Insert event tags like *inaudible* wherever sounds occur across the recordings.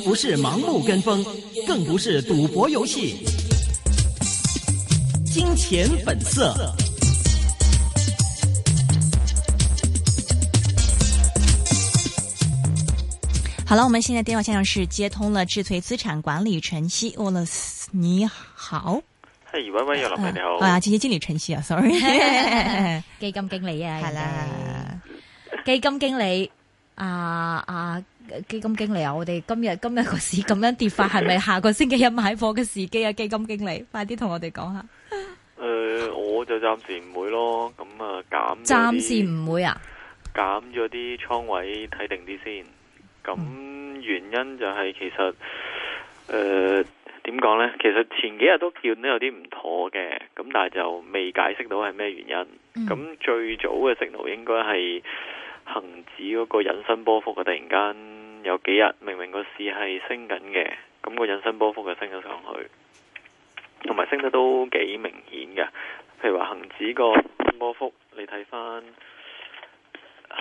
不是盲目跟風，更不是賭博遊戲，金錢本色。好了，我們現在電話線上是接通了智萃資產管理陳昕，哦，你好。係威威又落嚟啦，好。啊、呃，基、呃、金經理陳昕啊，sorry， *laughs* *laughs* 基金經理啊，係、嗯、啦， *laughs* 基金經理啊、呃、啊。基金經理啊，我哋今日今日個市咁樣跌法，係咪 *laughs* 下個星期一買貨嘅時機啊？基金經理，快啲同我哋講下。誒、 *laughs* 呃，我就暫時唔會咯。咁啊，減暫時唔會啊，減咗啲倉位睇定啲先。咁原因就係其實誒點講呢？其實前幾日都見都有啲唔妥嘅，咁但係就未解釋到係咩原因。咁最早嘅 signal 應該係。恒指嗰個引伸波幅嘅突然間有幾日，明明個市係升緊嘅，咁個引伸波幅就升咗上去，同埋升得都幾明顯嘅。譬如話恒指個波幅，你睇翻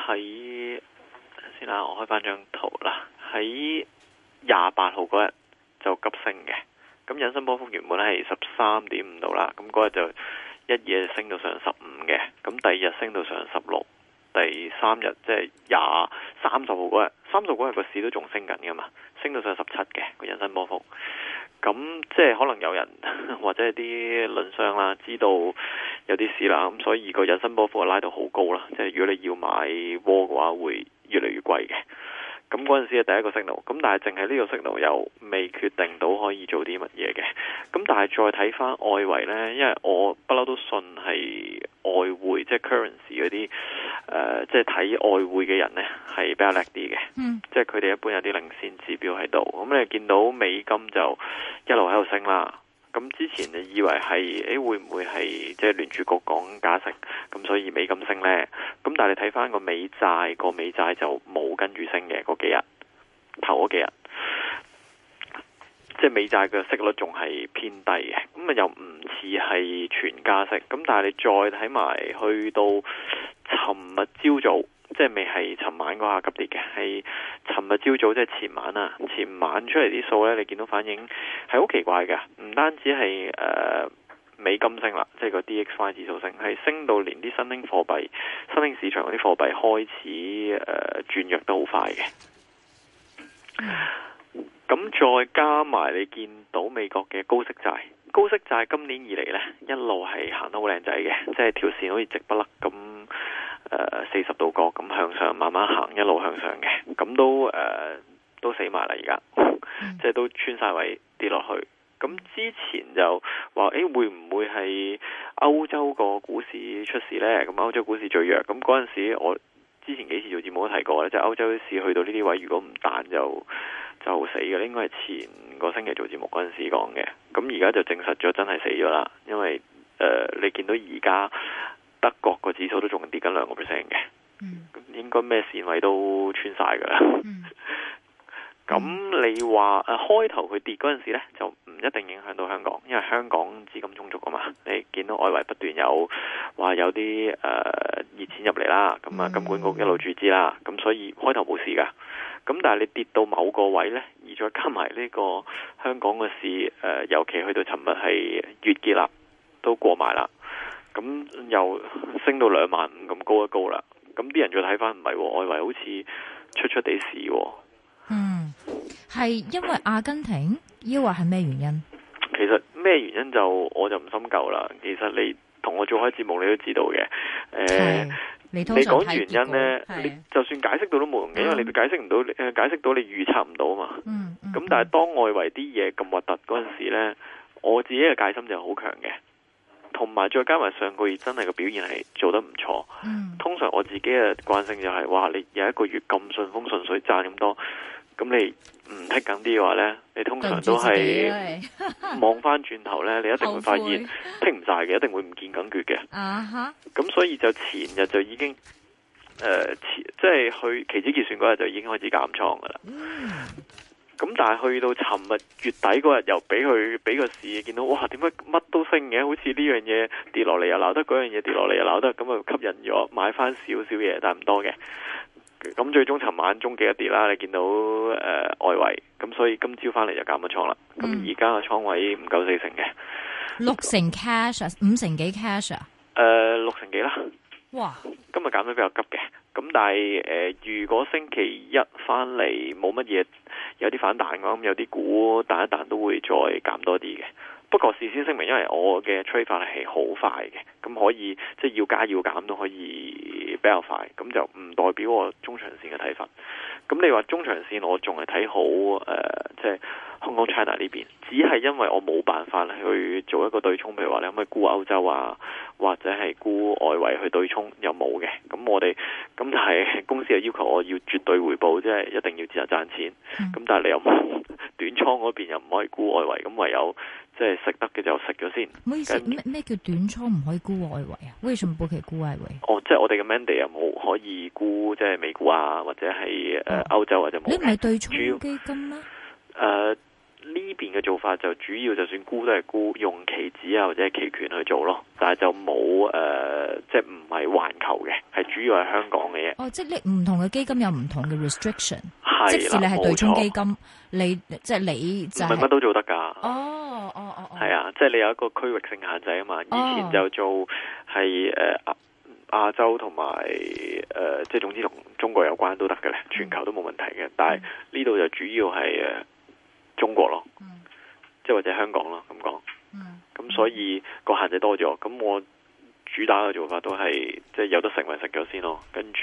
喺先啦，我開翻張圖啦，喺廿八號嗰日就急升嘅，咁引伸波幅原本係十三點五度啦，咁嗰日就一夜升到上十五嘅，咁第二日升到上十六。三日即係廿三十號嗰日，三十號嗰日個市都仲升緊嘅嘛，升到上十七嘅個引伸波幅。咁即係可能有人或者啲輪商啦，知道有啲事啦，咁所以個引伸波幅拉到好高啦。即係如果你要買窩嘅話，會越嚟越貴嘅。咁嗰陣時係第一個 signal，咁但係淨係呢個 signal 又未決定到可以做啲乜嘢嘅，咁但係再睇翻外圍呢，因為我不嬲都信係外匯，即係 currency 嗰啲，誒、呃，即係睇外匯嘅人呢係比較叻啲嘅，嗯，mm. 即係佢哋一般有啲領先指標喺度，咁你見到美金就一路喺度升啦。咁之前你以為係，誒、欸、會唔會係即係聯儲局講加息，咁所以美金升呢。咁但係你睇返個美債，個美債就冇跟住升嘅嗰幾日，頭嗰幾日，即係美債嘅息率仲係偏低嘅，咁啊又唔似係全加息。咁但係你再睇埋去到尋日朝早。即係未係，尋晚嗰下急跌嘅，係尋日朝早即係前晚啊，前晚出嚟啲數咧，你見到反應係好奇怪嘅，唔單止係誒、呃、美金升啦，即係個 DXY 指數升，係升到連啲新興貨幣、新興市場嗰啲貨幣開始誒轉、呃、弱得好快嘅。咁再加埋你見到美國嘅高息債，高息債今年以嚟呢，一路係行得好靚仔嘅，即係條線好似直不甩咁。誒，四十度角咁向上，慢慢行，一路向上嘅，咁都誒、呃、都死埋啦，而家即係都穿晒位跌落去。咁之前就話誒、欸，會唔會係歐洲個股市出事呢？咁歐洲股市最弱，咁嗰陣時我之前幾次做節目都提過咧，即係歐洲市去到呢啲位，如果唔彈就就死嘅。應該係前個星期做節目嗰陣時講嘅，咁而家就證實咗真係死咗啦。因為誒、呃，你見到而家。德國個指數都仲跌緊兩個 percent 嘅，嗯、應該咩綫位都穿晒噶啦。咁、嗯、 *laughs* 你話啊、呃、開頭佢跌嗰陣時咧，就唔一定影響到香港，因為香港資金充足啊嘛。你見到外圍不斷有話有啲誒、呃、熱錢入嚟啦，咁啊金管局一路注資啦，咁、嗯、所以開頭冇事噶。咁但係你跌到某個位呢，而再加埋呢個香港嘅市誒、呃，尤其去到尋日係月結啦，都過埋啦。咁又升到兩萬五咁高一高啦，咁啲人再睇翻唔係外圍好似出出地市，嗯，係因為阿根廷，抑或係咩原因？其實咩原因就我就唔深究啦。其實你同我做開節目你都知道嘅，誒、呃，你講原因呢？是你就算解釋到都冇用嘅，嗯、因為你解釋唔到，誒，解釋到你預測唔到啊嘛嗯。嗯，咁、嗯、但係當外圍啲嘢咁核突嗰陣時呢，我自己嘅戒心就係好強嘅。同埋再加埋上，上個月真係個表現係做得唔錯。嗯、通常我自己嘅慣性就係、是、話你有一個月咁順風順水賺咁多，咁你唔剔 i 緊啲嘅話呢，你通常都係望翻轉頭呢， *laughs* 你一定會發現剔唔晒嘅，一定會唔見緊月嘅。咁、uh huh. 所以就前日就已經誒、呃，即係去期指結算嗰日就已經開始減倉噶啦。嗯。咁但係去到尋日月底嗰日又俾佢俾個市見到哇，點解乜都升嘅，好似呢樣嘢跌落嚟又鬧得，嗰樣嘢跌落嚟又鬧得，咁啊吸引咗買翻少少嘢，但係唔多嘅。咁最終尋晚終極一跌啦，你見到誒、呃、外圍，咁所以今朝翻嚟就減咗倉啦。咁而家嘅倉位唔夠四成嘅，六成 cash，五成幾 cash 誒，六成幾啦？哇！今日減得比較急嘅。咁但係誒、呃，如果星期一翻嚟冇乜嘢，有啲反彈、啊㗎，咁有啲股彈一彈都會再減多啲嘅。不過事先聲明，因為我嘅吹法係好快嘅，咁可以即係要加要減都可以比較快，咁就唔代表我中長線嘅睇法。咁你話中長線我，我仲係睇好誒，即係香港、China 呢邊，只係因為我冇辦法去做一個對沖，譬如話你可唔可以沽歐洲啊，或者係沽外圍去對沖，又冇嘅。咁我哋咁但係公司係要求我要絕對回報，即係一定要只能賺錢。咁但係你又冇。短倉嗰邊又唔可以沽外圍，咁唯有即係食得嘅就食咗先。唔好意思，咩咩著叫短倉唔可以沽外圍啊？為什麼保其沽外圍？哦，即係我哋嘅 mandate 有冇可以沽？即係美股啊，或者係誒歐洲或者冇。你唔係對沖基金咩？誒、呃。呢邊嘅做法就主要就算沽都係沽用期指啊或者期權去做咯，但係就冇誒、呃，即係唔係環球嘅，係主要係香港嘅嘢。哦，即係你唔同嘅基金有唔同嘅 restriction，即使你係對沖基金，你即係你就唔係乜都做得噶。哦哦哦，係啊，即係你有一個區域性限制啊嘛。以前就做係誒亞亞洲同埋誒，即係總之同中國有關都得嘅咧，全球都冇問題嘅。但係呢度就主要係誒。呃中國咯，即係、嗯、或者香港咯，咁講。咁、嗯、所以個限制多咗，咁我主打嘅做法都係，即、就、係、是、有得食咪食咗先咯。跟住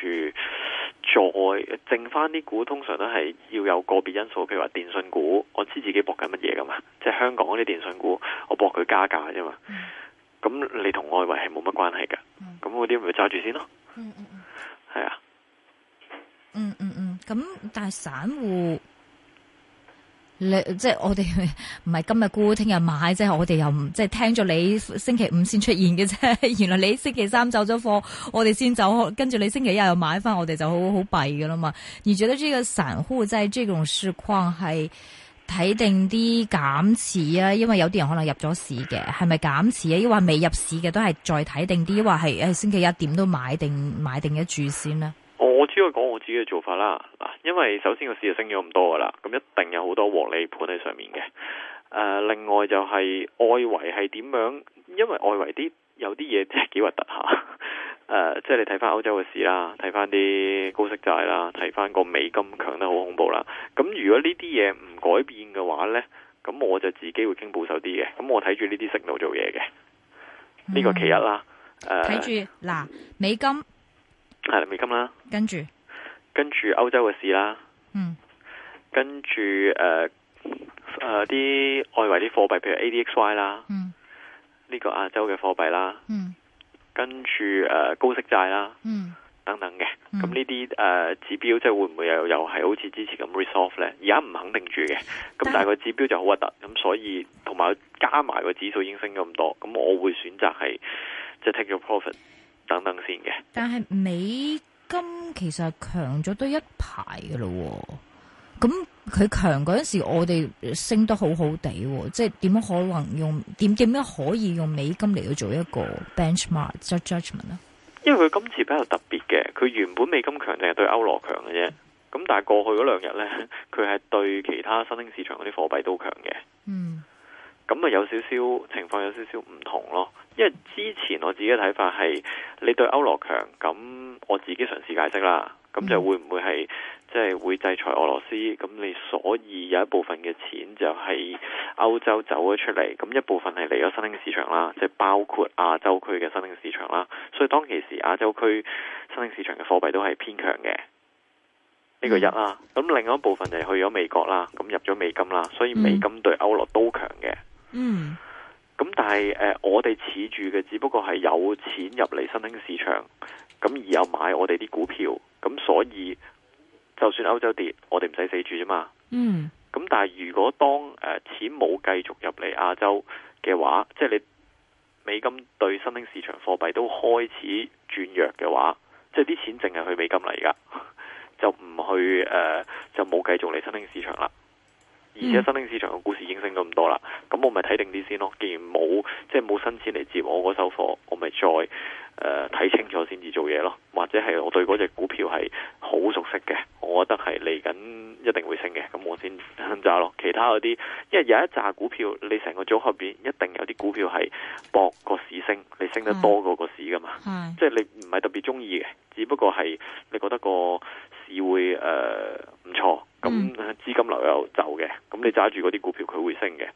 再剩翻啲股，通常都係要有個別因素，譬如話電信股，我知自己搏緊乜嘢噶嘛。即、就、係、是、香港嗰啲電信股，我搏佢加價啫嘛。咁、嗯、你同外圍係冇乜關係噶。咁嗰啲咪揸住先咯。係、嗯嗯、啊。嗯嗯嗯，咁、嗯嗯嗯嗯、但係散戶。你即係我哋唔係今日沽，聽日買，即係我哋又唔即係聽咗你星期五先出現嘅啫。原來你星期三走咗貨，我哋先走，跟住你星期一又買翻，我哋就好好弊噶啦嘛。而覺得呢個散戶即係呢種市況係睇定啲減持啊？因為有啲人可能入咗市嘅，係咪減持啊？抑或未入市嘅都係再睇定啲，抑或係星期一點都買定買定一注先啦？我只會講我自己嘅做法啦，嗱，因為首先個市就升咗咁多噶啦，咁一定有好多獲利盤喺上面嘅。誒、呃，另外就係外圍係點樣？因為外圍啲有啲嘢真係幾核突下，誒、啊，即係你睇翻歐洲嘅市啦，睇翻啲高息債啦，睇翻個美金強得好恐怖啦。咁如果呢啲嘢唔改變嘅話呢，咁我就自己會傾保守啲嘅。咁我睇住呢啲息度做嘢嘅，呢、這個其一啦。誒、嗯，睇住嗱，美金。係、啊、美金啦，跟住著跟住歐洲嘅市啦，嗯，跟住誒誒啲外圍啲貨幣，譬如 ADXY 啦，嗯，呢個亞洲嘅貨幣啦，嗯，跟住誒、呃、高息債啦，嗯，等等嘅，咁呢啲誒指標，即係會唔會又又係好似之前咁 resolve 咧？而家唔肯定住嘅，咁但係個指標就好核突，咁所以同埋加埋個指數已經升咗咁多，咁我會選擇係即係 take your profit。等等先嘅，但係美金其實係強咗都一排嘅咯，哦。咁佢強嗰陣時，我哋升得好好地、哦，即係點樣可能用點點樣可以用美金嚟到做一個 benchmark judgment 啊？因為佢今次比較特別嘅，佢原本美金強淨係對歐羅強嘅啫。咁但係過去嗰兩日咧，佢係對其他新興市場嗰啲貨幣都強嘅。嗯。咁咪有少少情況有少少唔同咯，因為之前我自己嘅睇法係你對歐羅強，咁我自己嘗試解釋啦，咁就會唔會係即係會制裁俄羅斯？咁你所以有一部分嘅錢就係歐洲走咗出嚟，咁一部分係嚟咗新興市場啦，即係包括亞洲區嘅新興市場啦。所以當其時亞洲區新興市場嘅貨幣都係偏強嘅，呢個一啦。咁另外一部分就係去咗美國啦，咁入咗美金啦，所以美金對歐羅都強嘅。嗯，咁但係誒、呃，我哋持住嘅只不過係有錢入嚟新興市場，咁而又買我哋啲股票，咁所以就算歐洲跌，我哋唔使死住啫嘛。嗯，咁但係如果當誒、呃、錢冇繼續入嚟亞洲嘅話，即係你美金對新興市場貨幣都開始轉弱嘅話，即係啲錢淨係去美金嚟噶、 *laughs* 呃，就唔去誒，就冇繼續嚟新興市場啦。而且新興市場嘅股市已經升咗咁多啦，咁我咪睇定啲先咯。既然冇即係冇新錢嚟接我嗰手貨，我咪再誒睇、呃、清楚先至做嘢咯。或者係我對嗰隻股票係好熟悉嘅，我覺得係嚟緊一定會升嘅，咁我先揸咯。其他嗰啲，因為有一扎股票，你成個組合入邊一定有啲股票係博個市升，你升得多過個市㗎嘛。即係、嗯、你唔係特別中意嘅，只不過係你覺得個市會誒唔、呃、錯。咁、嗯、資金流又走嘅，咁你揸住嗰啲股票佢會升嘅。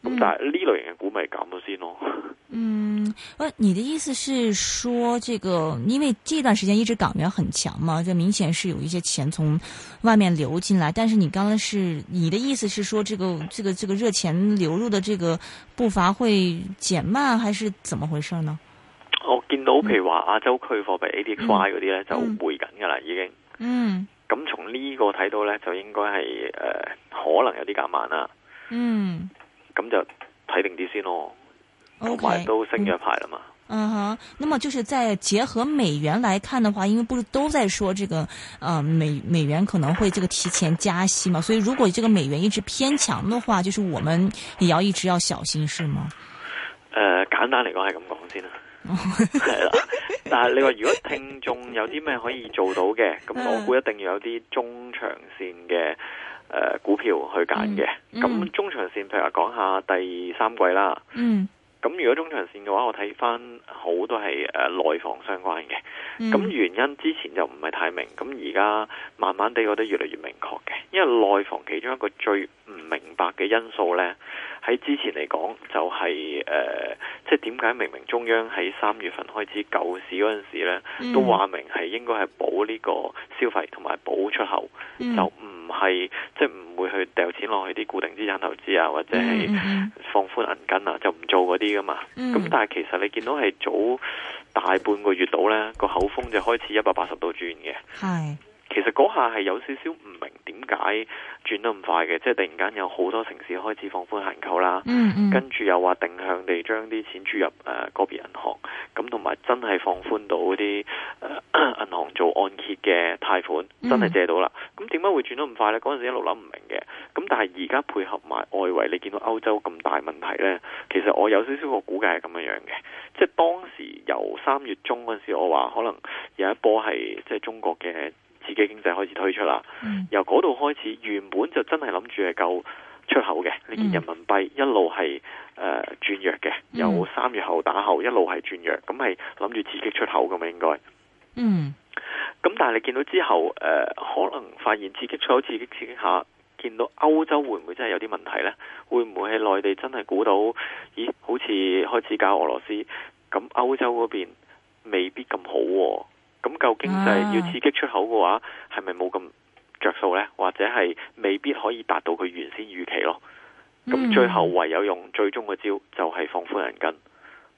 咁、嗯、但係呢類型嘅股咪減咗先咯。 *laughs* 嗯，喂、呃，你的意思是說、這個，呢個因為呢段時間一直港元很強嘛，就明顯是有一些錢從外面流進來。但是你剛剛是你的意思是說、這個，這個這個熱、這個、錢流入嘅這個步伐會減慢，還是怎麼回事呢？我見到譬如話亞洲區貨幣 A D X Y 嗰啲咧就回緊㗎啦，已經。嗯。嗯。咁從呢個睇到咧，就應該係誒、呃、可能有啲減慢啦。嗯，咁就睇定啲先咯。同埋 Okay, 都升咗一排啦嘛。嗯哼、嗯，那麼就是在結合美元來看的話，因為不是都在說這個，呃美美元可能會這個提前加息嘛，所以如果這個美元一直偏強的話，就是我們也要一直要小心，是嗎？誒、呃，簡單嚟講係咁講先啦。係啦， *laughs* 但係你話如果聽眾有啲咩可以做到嘅，咁我估一定要有啲中長線嘅誒、呃、股票去揀嘅。咁、嗯嗯、中長線譬如話講下第三季啦。嗯。咁如果中長線嘅話，我睇翻好多係誒內房相關嘅。咁、mm hmm. 原因之前就唔係太明，咁而家慢慢哋覺得越嚟越明確嘅。因為內房其中一個最唔明白嘅因素咧，喺之前嚟講就係、是、誒、呃、即係點解明明中央喺三月份開始救市嗰陣時咧，mm hmm. 都話明係應該係補呢個消費同埋補出口，mm hmm. 就唔係即係唔會去掉錢落去啲固定資產投資啊，或者係放寬銀根啊，就唔做嗰啲。啲噶嘛，咁、嗯、但係其實你見到係早大半個月到呢個口風就開始一百八十度轉嘅。係是，其實嗰下係有少少唔明點解轉得咁快嘅，即係突然間有好多城市開始放寬限購啦，嗯嗯跟住又話定向地將啲錢注入誒、呃、個別銀行，咁同埋真係放寬到啲。做按揭嘅貸款、嗯、真係借到啦，咁點解會轉得咁快呢？嗰陣時一路諗唔明嘅，咁但係而家配合埋外圍，你見到歐洲咁大問題呢？其實我有少少個估計係咁樣樣嘅，即係當時由三月中嗰陣時，我話可能有一波係即係中國嘅刺激經濟開始推出啦，嗯、由嗰度開始，原本就真係諗住係夠出口嘅，你見、嗯、人民幣一路係誒、呃、轉弱嘅，嗯、由三月後打後一路係轉弱，咁係諗住刺激出口咁樣應該，嗯。咁但係你見到之後，誒、呃，可能發現刺激出口、刺激刺激下，見到歐洲會唔會真係有啲問題呢？會唔會喺內地真係估到？咦，好似開始搞俄羅斯，咁歐洲嗰邊未必咁好，啊。咁究竟就要刺激出口嘅話，係咪冇咁着數呢？或者係未必可以達到佢原先預期咯？咁最後唯有用最終嘅招，就係、是、放寬銀根。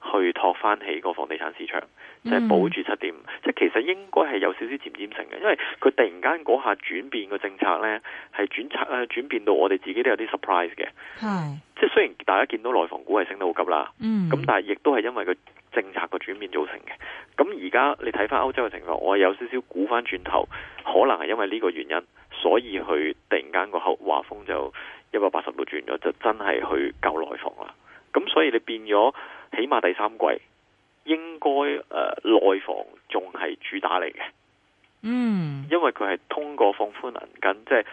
去托翻起個房地產市場，即、就、係、是、保住七點五、mm. 即係其實應該係有少少漸漸性嘅，因為佢突然間嗰下轉變個政策呢，係轉策轉變到我哋自己都有啲 surprise 嘅，mm. 即係雖然大家見到內房股係升得好急啦，咁、mm. 但係亦都係因為個政策個轉變造成嘅。咁而家你睇翻歐洲嘅情況，我有少少估翻轉頭，可能係因為呢個原因，所以佢突然間個口話風就一百八十度轉咗，就真係去救內房啦。咁所以你變咗。起碼第三季應該誒內房仲係主打嚟嘅，嗯，因為佢係通過放寬銀根，即係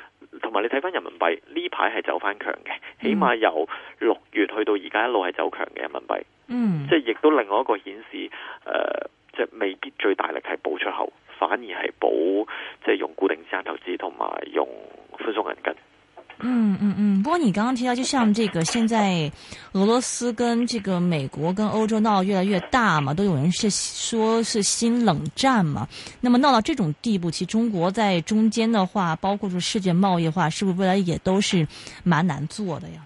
同埋你睇翻人民幣呢排係走翻強嘅，起碼由六月去到而家一路係走強嘅人民幣，嗯，即係亦都另外一個顯示，誒、呃，即、就、係、是、未必最大力係補出口，反而係補即係用固定資產投資同埋用寬鬆銀根。嗯嗯嗯，不過你剛剛提到，就像這個現在俄羅斯跟這個美國跟歐洲鬧越來越大嘛，都有人是說係新冷戰嘛。那麼鬧到這種地步，其實中國在中間的話，包括說世界貿易話，是不是未來也都是蠻難做的呀？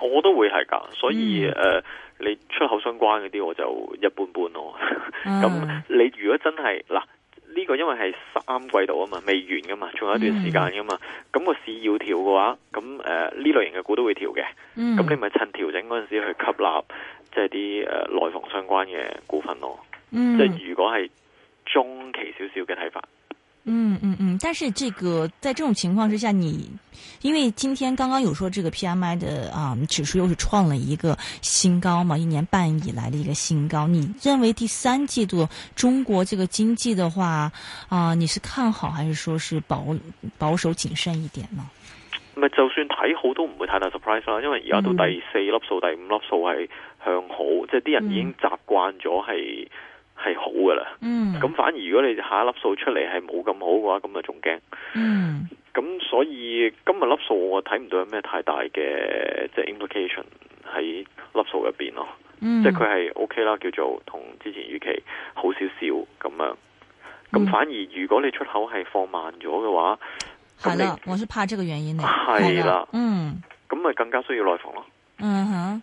我都會係噶，所以誒、嗯呃，你出口相關嗰啲我就一般般咯。咁、 *laughs* 嗯、 *laughs* 你如果真係嗱。呢個因為係三季度啊嘛，未完噶嘛，仲有一段時間噶嘛。咁個市要調嘅話，咁誒呢類型嘅股都會調嘅。咁、嗯、你咪趁調整嗰陣時去吸納，即係啲誒內房相關嘅股份咯。即係、嗯、如果係中期少少嘅睇法。嗯嗯嗯，但是這個在這種情況之下，你因為今天剛剛有說這個 PMI 的啊、呃、指數又是創了一個新高嘛，一年半以來的一個新高，你認為第三季度中國這個經濟的話啊、呃，你是看好還是說是保保守謹慎一點呢？就算睇好都唔會太大 surprise 啦，因為而家到第四粒數、嗯、第五粒數係向好，即係啲人已經習慣咗係。係好噶啦，咁、嗯、反而如果你下一粒數出嚟係冇咁好嘅話，咁啊仲驚。咁、嗯、所以今日粒數我睇唔到有咩太大嘅、就是嗯、即係 implication 喺粒數入邊咯，即係佢係 OK 啦，叫做同之前預期好少少咁樣。咁反而如果你出口係放慢咗嘅話，係啦、嗯你，我係怕這個原因咧，係啦的，嗯，咁咪更加需要內防咯，嗯哼。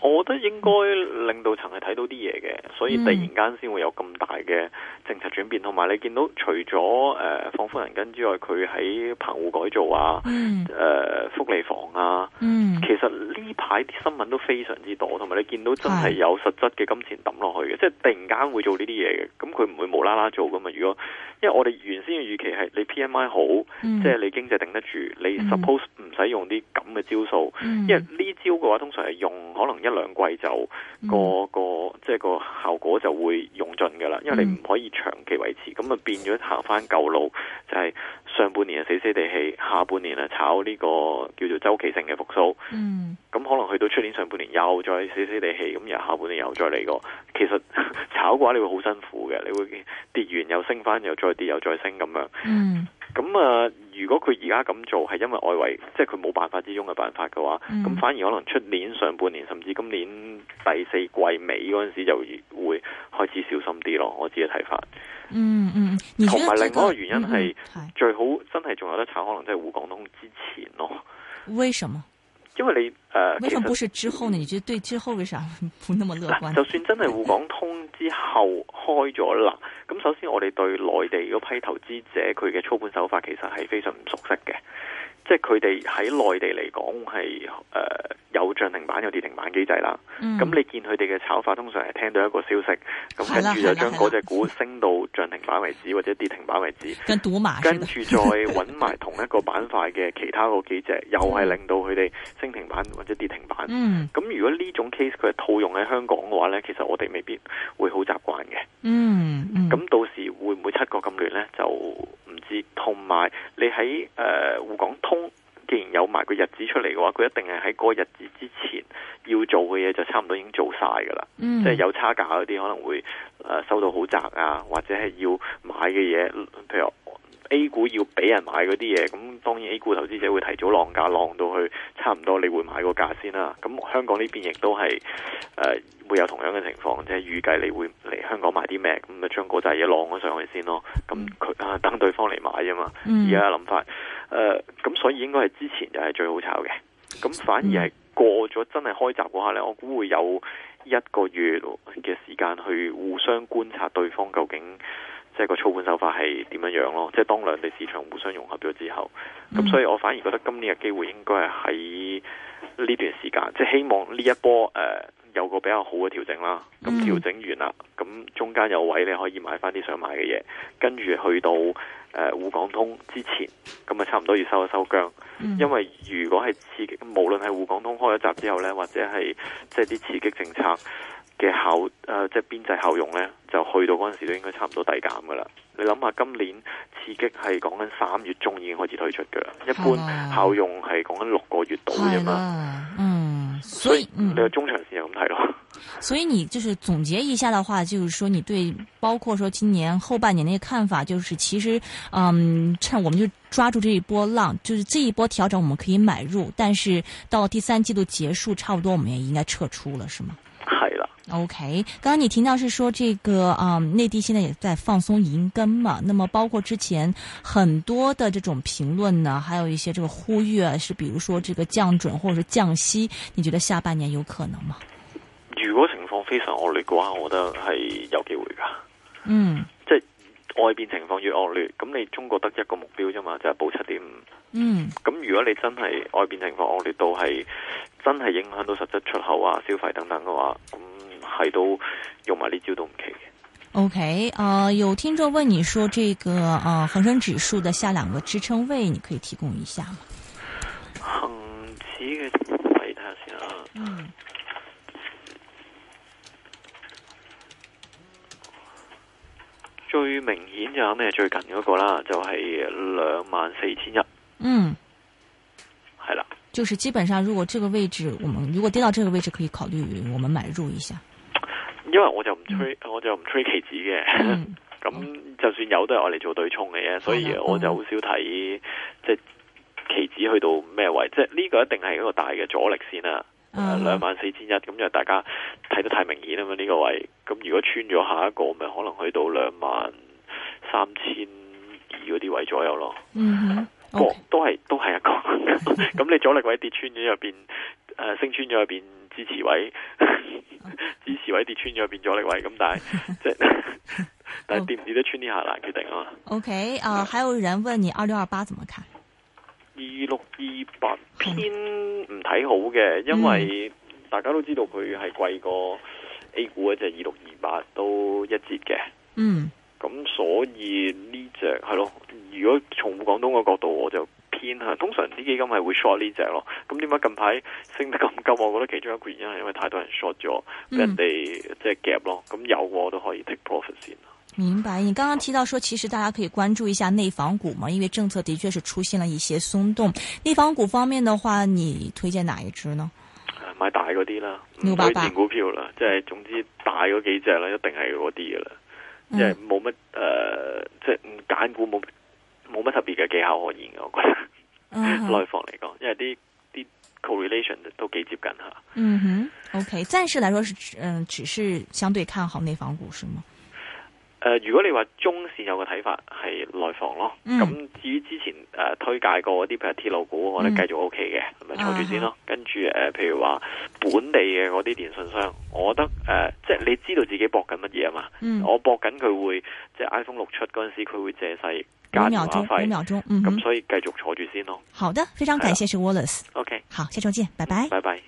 我覺得應該領導層係睇到啲嘢嘅，所以突然間先會有咁大嘅政策轉變，同埋你見到除咗誒、呃、放寬銀根之外，佢喺棚戶改造啊、誒、呃、福利房啊，其實呢，睇啲新聞都非常之多，同埋你見到真係有實質嘅金錢抌落去嘅，的即係突然間會做呢啲嘢嘅，咁佢唔會無啦啦做噶嘛。如果因為我哋原先嘅預期係你 PMI 好，即係、嗯、你經濟頂得住，你 suppose 唔使用啲咁嘅招數，嗯、因為呢招嘅話通常係用可能一兩季就、嗯、個個即係、就是、個效果就會用盡㗎啦，因為你唔可以長期維持，咁啊變咗行翻舊路，就係、是、上半年死死地氣，下半年啊炒呢個叫做周期性嘅復甦。嗯。咁可能去到出年上半年又再死死地氣，咁然後下半年又再嚟過。其實 *laughs* 炒嘅話你會好辛苦嘅，你會跌完又升返，又再跌又再升咁樣。嗯，咁啊、呃，如果佢而家咁做，係因為外圍，即係佢冇辦法之中嘅辦法嘅話，咁、嗯、反而可能出年上半年甚至今年第四季尾嗰陣時，就會開始小心啲咯。我自己睇法。嗯嗯，同、嗯、埋、這個、另外一個原因係、嗯嗯、最好真係仲有得炒，可能即係滬港通之前咯。為什麼？因為你誒，呃、為什麼不是之後呢？你對之後嘅時、啊、不那麼樂觀。就算真係滬港通之後開咗啦，咁 *laughs* 首先我哋對內地嗰批投資者佢嘅操盤手法其實係非常唔熟悉嘅。即係佢哋喺內地嚟講係誒有漲停板、有跌停板機制啦。咁、嗯、你見佢哋嘅炒法，通常係聽到一個消息，咁跟住就將嗰隻股升到漲停板為止，或者跌停板為止。嗯、跟住再揾埋同一個板塊嘅其他幾隻，嗯、又係令到佢哋升停板或者跌停板。咁、嗯、如果呢種 case 佢係套用喺香港嘅話呢，其實我哋未必會好習慣嘅。咁、嗯嗯、到時會唔會七個咁亂呢？就同埋你喺誒、滬港通，既然有埋個日子出嚟嘅話，佢一定係喺嗰個日子之前要做嘅嘢就差唔多已經做晒噶啦。嗯，即係有差價嗰啲可能會誒、收到好窄啊，或者係要買嘅嘢，譬如。A 股要俾人買嗰啲嘢，咁當然 A 股投資者會提早浪價，浪到去差唔多，你會買個價先啦。咁香港呢邊亦都係誒會有同樣嘅情況，即係預計你會嚟香港買啲咩，咁咪將嗰隻嘢浪咗上去先咯。咁佢啊等對方嚟買啫嘛，而家諗法誒，咁、呃、所以應該係之前就係最好炒嘅。咁反而係過咗真係開閘嗰下呢，嗯、我估會有一個月嘅時間去互相觀察對方究竟。即係個操盤手法係點樣樣咯？即係當兩地市場互相融合咗之後，咁、嗯、所以我反而覺得今年嘅機會應該係喺呢段時間。即係希望呢一波誒、呃、有個比較好嘅調整啦。咁調整完啦，咁、嗯、中間有位你可以買翻啲想買嘅嘢，跟住去到誒、呃、滬港通之前，咁咪差唔多要收一收姜。嗯、因為如果係刺激，無論係滬港通開咗閘之後呢，或者係即係啲刺激政策。嘅效誒、呃，即係邊際效用咧，就去到嗰陣時都應該差唔多遞減噶啦。你諗下，今年刺激係講緊三月中已經開始推出噶，的一般效用係講緊六個月到啫嘛。嗯，所以你個中長線就咁睇咯。嗯、所以嗯、所以你就是總結一下的話，就是說你對包括說今年後半年呢個看法，就是其實嗯，趁我們就抓住這一波浪，就是這一波調整我們可以買入，但是到第三季度結束，差不多我們也應該撤出了，是嗎？O.K.，剛剛你聽到是說這個，嗯、呃，內地現在也在放鬆銀根嘛？那麼包括之前很多的這種評論呢，還有一些這個呼籲、啊，是比如說這個降準或者是降息，你覺得下半年有可能嗎？如果情況非常惡劣嘅話，我覺得係有機會㗎。嗯，即外邊情況越惡劣，咁你中國得一個目標啫嘛，就係保七點五。嗯，咁如果你真係外邊情況惡劣到係真係影響到實質出口啊、消費等等嘅話，嗯係到用埋呢招都唔奇嘅。OK，啊，有聽眾問你說，這個啊、呃、恆生指數的下兩個支撐位，你可以提供一下嗎？恒指嘅支撐位，睇下先啊，嗯，最明顯就有咩？最近嗰個啦，就係兩萬四千一。嗯，係啦了，就是基本上，如果這個位置，我們如果跌到這個位置，可以考慮我們買入一下。因為我就唔吹、嗯、我就唔追期指嘅。咁、嗯、 *laughs* 就算有都係我嚟做對沖嘅，所以我就好少睇即係期指去到咩位。即係呢個一定係一個大嘅阻力線啦、啊。兩萬四千一咁就大家睇得太明顯啦嘛呢個位。咁如果穿咗下一個，咪可能去到兩萬三千二嗰啲位左右咯。都係都係一個。咁、okay. *laughs* 你阻力位跌穿咗入面，誒、啊、升穿咗入面支持位。 *laughs* 支持位跌穿咗，變咗力位咁，但係即係但係跌唔跌得穿呢下難決定啊嘛。O K，啊，還有人問你二六二八怎麼看？二六二八偏唔睇好嘅，因為大家都知道佢係貴過 A 股一隻二六二八都一折嘅。嗯，咁所以呢隻係咯，如果從廣東嘅角度，我就。通常啲基金係會 short 呢隻咯，咁點解近排升得咁急？我覺得其中一個原因係因為太多人 short 咗，嗯、人哋即係夾咯。咁、就是、有我都可以 take profit 先。明白。你剛剛提到說，其實大家可以關注一下內房股嘛，因為政策的確是出現了一些鬆動。內房股方面的話，你推薦哪一支呢？買大嗰啲啦，六八股票啦，即係總之大嗰幾隻啦，一定係嗰啲噶啦，即係冇乜誒，即係唔揀股冇。冇乜特別嘅技巧可言嘅，我覺得內、uh huh. 房嚟講，因為啲啲 correlation 都幾接近吓。嗯哼、uh huh.，OK，暫時來說是，嗯、呃，只是相對看好內房股，是嗎？誒、呃，如果你話中線有個睇法係內房咯，咁、嗯、至於之前誒、呃、推介過啲譬如鐵路股，嗯、我哋繼續 O K 嘅，咁咪、嗯、坐住先咯。跟住誒、呃，譬如話本地嘅嗰啲電信商，我覺得誒、呃，即係你知道自己搏緊乜嘢啊嘛。嗯、我搏緊佢會即係 iPhone 六出嗰陣時，佢會借勢加電話費，秒秒鐘，咁、嗯、所以繼續坐住先咯。好的，非常感謝是，是 Wallace。OK，好，下周見，拜拜。拜拜。